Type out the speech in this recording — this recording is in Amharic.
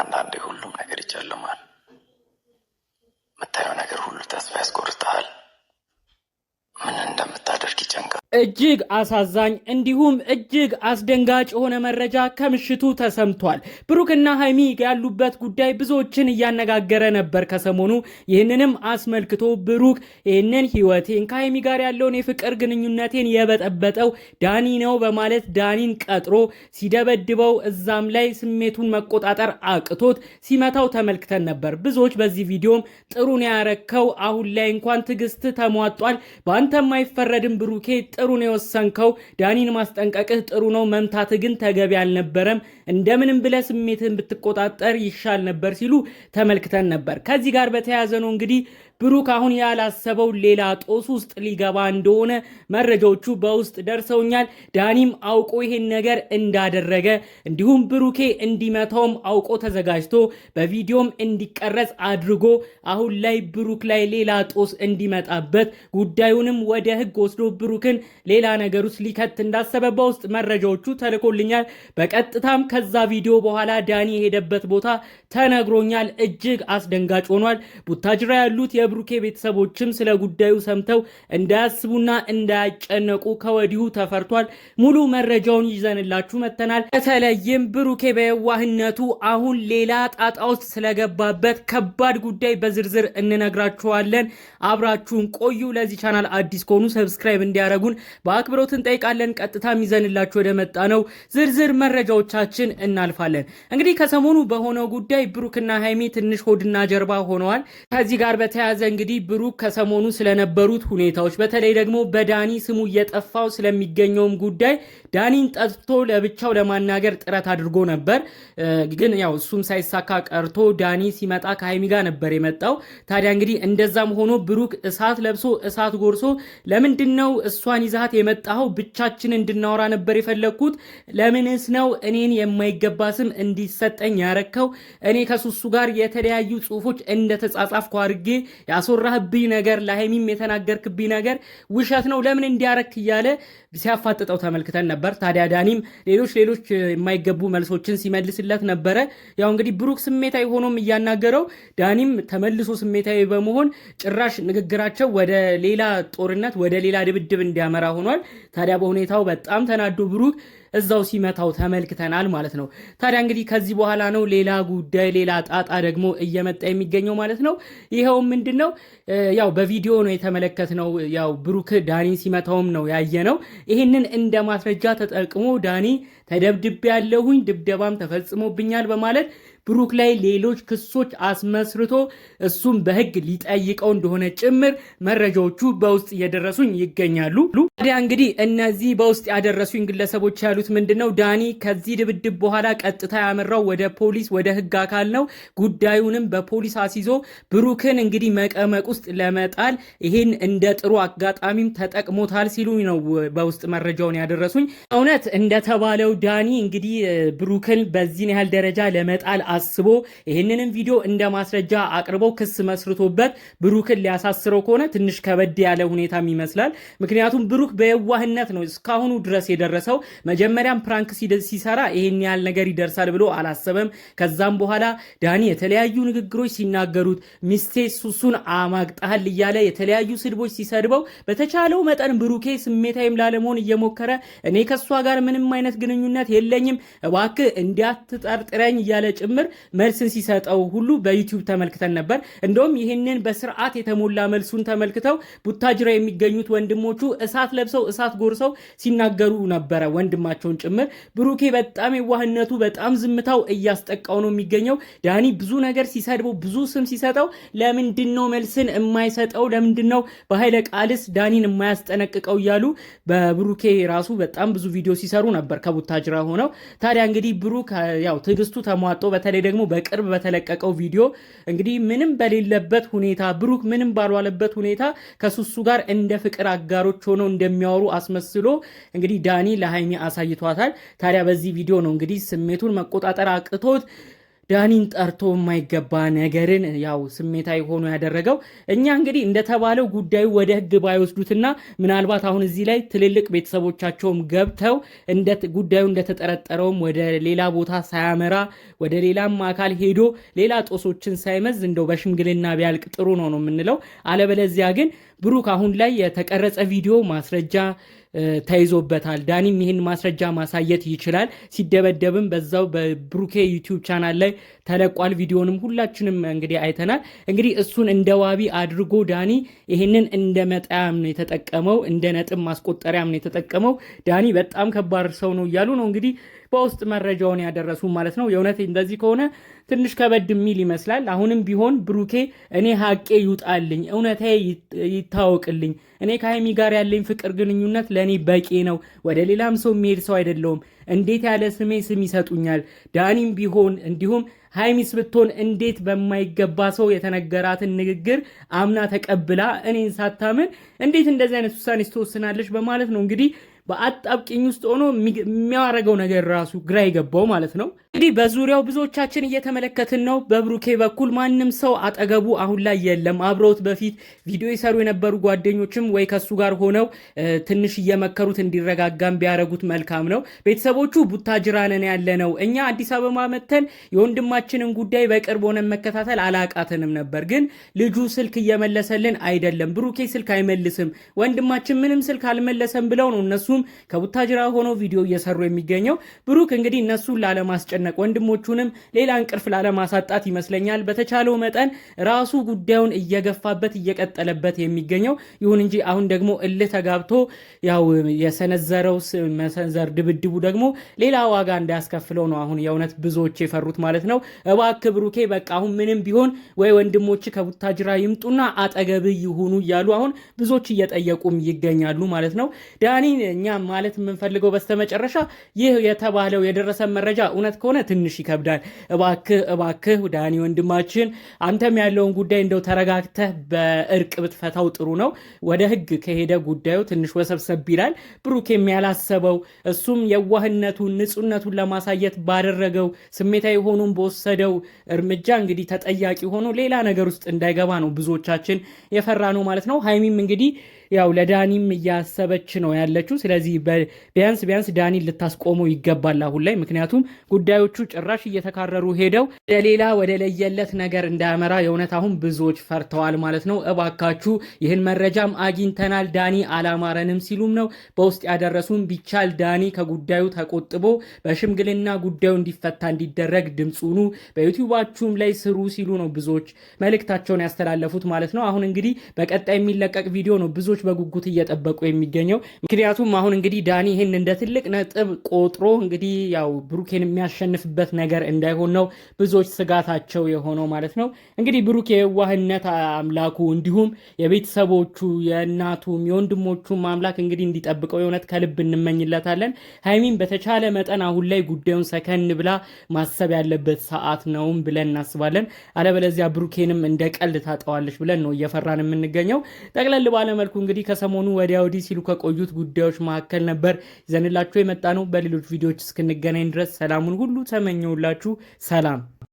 አንዳንዴ ሁሉም ነገር ይጨልማል። እጅግ አሳዛኝ እንዲሁም እጅግ አስደንጋጭ የሆነ መረጃ ከምሽቱ ተሰምቷል። ብሩክና ሀይሚ ያሉበት ጉዳይ ብዙዎችን እያነጋገረ ነበር ከሰሞኑ። ይህንንም አስመልክቶ ብሩክ ይህንን ህይወቴን ከሀይሚ ጋር ያለውን የፍቅር ግንኙነቴን የበጠበጠው ዳኒ ነው በማለት ዳኒን ቀጥሮ ሲደበድበው እዛም ላይ ስሜቱን መቆጣጠር አቅቶት ሲመታው ተመልክተን ነበር። ብዙዎች በዚህ ቪዲዮም ጥሩን ያረከው፣ አሁን ላይ እንኳን ትዕግስት ተሟጧል፣ በአንተም አይፈረድም ብሩኬ ጥሩ ነው የወሰንከው። ዳኒን ማስጠንቀቅህ ጥሩ ነው፣ መምታት ግን ተገቢ አልነበረም። እንደምንም ብለ ስሜትህን ብትቆጣጠር ይሻል ነበር ሲሉ ተመልክተን ነበር። ከዚህ ጋር በተያያዘ ነው እንግዲህ ብሩክ አሁን ያላሰበው ሌላ ጦስ ውስጥ ሊገባ እንደሆነ መረጃዎቹ በውስጥ ደርሰውኛል። ዳኒም አውቆ ይሄን ነገር እንዳደረገ እንዲሁም ብሩኬ እንዲመታውም አውቆ ተዘጋጅቶ በቪዲዮም እንዲቀረጽ አድርጎ አሁን ላይ ብሩክ ላይ ሌላ ጦስ እንዲመጣበት ጉዳዩንም ወደ ሕግ ወስዶ ብሩክን ሌላ ነገር ውስጥ ሊከት እንዳሰበ በውስጥ መረጃዎቹ ተልኮልኛል። በቀጥታም ከዛ ቪዲዮ በኋላ ዳኒ የሄደበት ቦታ ተነግሮኛል። እጅግ አስደንጋጭ ሆኗል። ቡታጅራ ያሉት የብሩኬ ቤተሰቦችም ስለ ጉዳዩ ሰምተው እንዳያስቡና እንዳያጨነቁ ከወዲሁ ተፈርቷል። ሙሉ መረጃውን ይዘንላችሁ መጥተናል። በተለይም ብሩኬ በየዋህነቱ አሁን ሌላ ጣጣ ውስጥ ስለገባበት ከባድ ጉዳይ በዝርዝር እንነግራችኋለን። አብራችሁን ቆዩ። ለዚህ ቻናል አዲስ ከሆኑ ሰብስክራይብ እንዲያደርጉን በአክብሮት እንጠይቃለን። ቀጥታም ይዘንላችሁ ወደ መጣ ነው ዝርዝር መረጃዎቻችን እናልፋለን። እንግዲህ ከሰሞኑ በሆነው ጉዳይ ብሩክና ሃይሜ ትንሽ ሆድና ጀርባ ሆነዋል። ከዚህ ጋር በተያያዘ በተያያዘ እንግዲህ ብሩክ ከሰሞኑ ስለነበሩት ሁኔታዎች በተለይ ደግሞ በዳኒ ስሙ እየጠፋው ስለሚገኘውም ጉዳይ ዳኒን ጠጥቶ ለብቻው ለማናገር ጥረት አድርጎ ነበር። ግን ያው እሱም ሳይሳካ ቀርቶ ዳኒ ሲመጣ ከሀይሚ ጋር ነበር የመጣው። ታዲያ እንግዲህ እንደዛም ሆኖ ብሩክ እሳት ለብሶ እሳት ጎርሶ ለምንድን ነው እሷን ይዛት የመጣኸው? ብቻችን እንድናወራ ነበር የፈለግኩት። ለምንስ ነው እኔን የማይገባ ስም እንዲሰጠኝ ያረከው? እኔ ከሱሱ ጋር የተለያዩ ጽሁፎች እንደተጻጻፍኩ አድርጌ ያስወራህብኝ ነገር ለሀይሚም የተናገርክብኝ ነገር ውሸት ነው ለምን እንዲያረክ እያለ ሲያፋጥጠው ተመልክተን ነበር። ታዲያ ዳኒም ሌሎች ሌሎች የማይገቡ መልሶችን ሲመልስለት ነበረ። ያው እንግዲህ ብሩክ ስሜታዊ ሆኖም እያናገረው፣ ዳኒም ተመልሶ ስሜታዊ በመሆን ጭራሽ ንግግራቸው ወደ ሌላ ጦርነት ወደ ሌላ ድብድብ እንዲያመራ ሆኗል። ታዲያ በሁኔታው በጣም ተናዶ ብሩክ እዛው ሲመታው ተመልክተናል ማለት ነው። ታዲያ እንግዲህ ከዚህ በኋላ ነው ሌላ ጉዳይ ሌላ ጣጣ ደግሞ እየመጣ የሚገኘው ማለት ነው። ይኸው ምንድን ነው ያው በቪዲዮ ነው የተመለከትነው። ያው ብሩክ ዳኒ ሲመታውም ነው ያየ ነው። ይህንን እንደ ማስረጃ ተጠቅሞ ዳኒ ተደብድቤ ያለሁኝ ድብደባም ተፈጽሞብኛል በማለት ብሩክ ላይ ሌሎች ክሶች አስመስርቶ እሱም በህግ ሊጠይቀው እንደሆነ ጭምር መረጃዎቹ በውስጥ እየደረሱኝ ይገኛሉ። ታዲያ እንግዲህ እነዚህ በውስጥ ያደረሱኝ ግለሰቦች ያሉት ምንድን ነው? ዳኒ ከዚህ ድብድብ በኋላ ቀጥታ ያመራው ወደ ፖሊስ ወደ ህግ አካል ነው። ጉዳዩንም በፖሊስ አስይዞ ብሩክን እንግዲህ መቀመቅ ውስጥ ለመጣል ይህን እንደ ጥሩ አጋጣሚም ተጠቅሞታል ሲሉ ነው በውስጥ መረጃውን ያደረሱኝ። እውነት እንደተባለው ዳኒ እንግዲህ ብሩክን በዚህን ያህል ደረጃ ለመጣል አስቦ ይህንንም ቪዲዮ እንደ ማስረጃ አቅርቦ ክስ መስርቶበት ብሩክን ሊያሳስረው ከሆነ ትንሽ ከበድ ያለ ሁኔታም ይመስላል። ምክንያቱም ብሩክ በየዋህነት ነው እስካሁኑ ድረስ የደረሰው። መጀመሪያም ፕራንክ ሲሰራ ይህን ያህል ነገር ይደርሳል ብሎ አላሰበም። ከዛም በኋላ ዳኒ የተለያዩ ንግግሮች ሲናገሩት ሚስቴ ሱሱን አማግጠሃል እያለ የተለያዩ ስድቦች ሲሰድበው በተቻለው መጠን ብሩኬ ስሜታይም ላለመሆን እየሞከረ እኔ ከእሷ ጋር ምንም አይነት ግንኙ ግንኙነት የለኝም እባክህ እንዲያትጠርጥረኝ እያለ ጭምር መልስን ሲሰጠው ሁሉ በዩቲዩብ ተመልክተን ነበር። እንደውም ይህንን በስርዓት የተሞላ መልሱን ተመልክተው ቡታጅራ የሚገኙት ወንድሞቹ እሳት ለብሰው እሳት ጎርሰው ሲናገሩ ነበረ፣ ወንድማቸውን ጭምር ብሩኬ በጣም የዋህነቱ በጣም ዝምታው እያስጠቃው ነው የሚገኘው። ዳኒ ብዙ ነገር ሲሰድበው ብዙ ስም ሲሰጠው ለምንድን ነው መልስን የማይሰጠው? ለምንድን ነው በኃይለ ቃልስ ዳኒን የማያስጠነቅቀው? እያሉ በብሩኬ ራሱ በጣም ብዙ ቪዲዮ ሲሰሩ ነበር ከቡታ ቡታጅራ ሆነው ታዲያ እንግዲህ ብሩክ ያው ትዕግስቱ ተሟጦ በተለይ ደግሞ በቅርብ በተለቀቀው ቪዲዮ እንግዲህ ምንም በሌለበት ሁኔታ ብሩክ ምንም ባልዋለበት ሁኔታ ከሱሱ ጋር እንደ ፍቅር አጋሮች ሆነው እንደሚያወሩ አስመስሎ እንግዲህ ዳኒ ለሀይሚ አሳይቷታል። ታዲያ በዚህ ቪዲዮ ነው እንግዲህ ስሜቱን መቆጣጠር አቅቶት ዳኒን ጠርቶ የማይገባ ነገርን ያው ስሜታዊ ሆኖ ያደረገው እኛ እንግዲህ እንደተባለው ጉዳዩ ወደ ህግ ባይወስዱትና ምናልባት አሁን እዚህ ላይ ትልልቅ ቤተሰቦቻቸውም ገብተው ጉዳዩ እንደተጠረጠረውም ወደ ሌላ ቦታ ሳያመራ ወደ ሌላም አካል ሄዶ ሌላ ጦሶችን ሳይመዝ እንደው በሽምግልና ቢያልቅ ጥሩ ነው ነው የምንለው። አለበለዚያ ግን ብሩክ አሁን ላይ የተቀረጸ ቪዲዮ ማስረጃ ተይዞበታል። ዳኒም ይህን ማስረጃ ማሳየት ይችላል። ሲደበደብም በዛው በብሩኬ ዩቲዩብ ቻናል ላይ ተለቋል። ቪዲዮንም ሁላችንም እንግዲህ አይተናል። እንግዲህ እሱን እንደ ዋቢ አድርጎ ዳኒ ይህንን እንደ መጣያም ነው የተጠቀመው፣ እንደ ነጥብ ማስቆጠሪያም ነው የተጠቀመው። ዳኒ በጣም ከባድ ሰው ነው እያሉ ነው እንግዲህ በውስጥ መረጃውን ያደረሱ ማለት ነው። የእውነት እንደዚህ ከሆነ ትንሽ ከበድ የሚል ይመስላል። አሁንም ቢሆን ብሩኬ እኔ ሀቄ ይውጣልኝ፣ እውነቴ ይታወቅልኝ፣ እኔ ከሀይሚ ጋር ያለኝ ፍቅር ግንኙነት ለእኔ በቂ ነው። ወደ ሌላም ሰው የሚሄድ ሰው አይደለውም። እንዴት ያለ ስሜ ስም ይሰጡኛል? ዳኒም ቢሆን እንዲሁም ሀይሚስ ብትሆን እንዴት በማይገባ ሰው የተነገራትን ንግግር አምና ተቀብላ እኔን ሳታምን እንዴት እንደዚህ አይነት ውሳኔ ስትወስናለች? በማለት ነው እንግዲህ በአጣብቂኝ ውስጥ ሆኖ የሚያረገው ነገር ራሱ ግራ የገባው ማለት ነው። እንግዲህ በዙሪያው ብዙዎቻችን እየተመለከትን ነው። በብሩኬ በኩል ማንም ሰው አጠገቡ አሁን ላይ የለም። አብረውት በፊት ቪዲዮ የሰሩ የነበሩ ጓደኞችም ወይ ከሱ ጋር ሆነው ትንሽ እየመከሩት እንዲረጋጋም ቢያደረጉት መልካም ነው። ቤተሰቦቹ ቡታ ጅራነን ያለ ነው። እኛ አዲስ አበባ መተን የወንድማችንን ጉዳይ በቅርብ ሆነን መከታተል አላቃተንም ነበር፣ ግን ልጁ ስልክ እየመለሰልን አይደለም፣ ብሩኬ ስልክ አይመልስም፣ ወንድማችን ምንም ስልክ አልመለሰም ብለው ነው እነሱ እነሱም ከቡታጅራ ሆኖ ቪዲዮ እየሰሩ የሚገኘው ብሩክ እንግዲህ እነሱን ላለማስጨነቅ ወንድሞቹንም ሌላ እንቅልፍ ላለማሳጣት ይመስለኛል በተቻለው መጠን ራሱ ጉዳዩን እየገፋበት እየቀጠለበት የሚገኘው ይሁን እንጂ አሁን ደግሞ እልህ ተጋብቶ ያው የሰነዘረው መሰንዘር ድብድቡ ደግሞ ሌላ ዋጋ እንዳያስከፍለው ነው አሁን የእውነት ብዙዎች የፈሩት ማለት ነው። እባክ ብሩኬ በቃ አሁን ምንም ቢሆን ወይ ወንድሞች ከቡታጅራ ይምጡና አጠገብ ይሁኑ እያሉ አሁን ብዙዎች እየጠየቁም ይገኛሉ ማለት ነው። ዳኒ እኛ ማለት የምንፈልገው በስተመጨረሻ ይህ የተባለው የደረሰ መረጃ እውነት ከሆነ ትንሽ ይከብዳል። እባክህ እባክህ ዳኒ ወንድማችን አንተም ያለውን ጉዳይ እንደው ተረጋግተህ በእርቅ ብትፈታው ጥሩ ነው። ወደ ህግ ከሄደ ጉዳዩ ትንሽ ወሰብሰብ ይላል። ብሩክ የሚያላሰበው እሱም የዋህነቱን ንጹህነቱን ለማሳየት ባደረገው ስሜታዊ ሆኖም በወሰደው እርምጃ እንግዲህ ተጠያቂ ሆኖ ሌላ ነገር ውስጥ እንዳይገባ ነው ብዙዎቻችን የፈራ ነው ማለት ነው። ሀይሚም እንግዲህ ያው ለዳኒም እያሰበች ነው ያለችው። ስለዚህ ቢያንስ ቢያንስ ዳኒን ልታስቆመው ይገባል አሁን ላይ ምክንያቱም ጉዳዮቹ ጭራሽ እየተካረሩ ሄደው ወደ ሌላ ወደ ለየለት ነገር እንዳያመራ የእውነት አሁን ብዙዎች ፈርተዋል ማለት ነው። እባካችሁ ይህን መረጃም አግኝተናል ዳኒ አላማረንም ሲሉም ነው በውስጥ ያደረሱም። ቢቻል ዳኒ ከጉዳዩ ተቆጥቦ በሽምግልና ጉዳዩ እንዲፈታ እንዲደረግ ድምፁኑ በዩቲዩባችሁም ላይ ስሩ ሲሉ ነው ብዙዎች መልእክታቸውን ያስተላለፉት ማለት ነው። አሁን እንግዲህ በቀጣይ የሚለቀቅ ቪዲዮ ነው ብዙ ተመልካቾች በጉጉት እየጠበቁ የሚገኘው ምክንያቱም አሁን እንግዲህ ዳኒ ይህን እንደ ትልቅ ነጥብ ቆጥሮ እንግዲህ ያው ብሩኬን የሚያሸንፍበት ነገር እንዳይሆን ነው ብዙዎች ስጋታቸው የሆነው ማለት ነው። እንግዲህ ብሩኬ የዋህነት አምላኩ እንዲሁም የቤተሰቦቹ የእናቱም የወንድሞቹም አምላክ እንግዲህ እንዲጠብቀው የእውነት ከልብ እንመኝለታለን። ሀይሚም በተቻለ መጠን አሁን ላይ ጉዳዩን ሰከን ብላ ማሰብ ያለበት ሰዓት ነውም ብለን እናስባለን። አለበለዚያ ብሩኬንም እንደ ቀልድ ታጠዋለች ብለን ነው እየፈራን የምንገኘው። ጠቅለል ባለመልኩ እንግዲህ ከሰሞኑ ወዲያ ወዲህ ሲሉ ከቆዩት ጉዳዮች መካከል ነበር ይዘንላችሁ የመጣ ነው። በሌሎች ቪዲዮዎች እስክንገናኝ ድረስ ሰላሙን ሁሉ ተመኘውላችሁ። ሰላም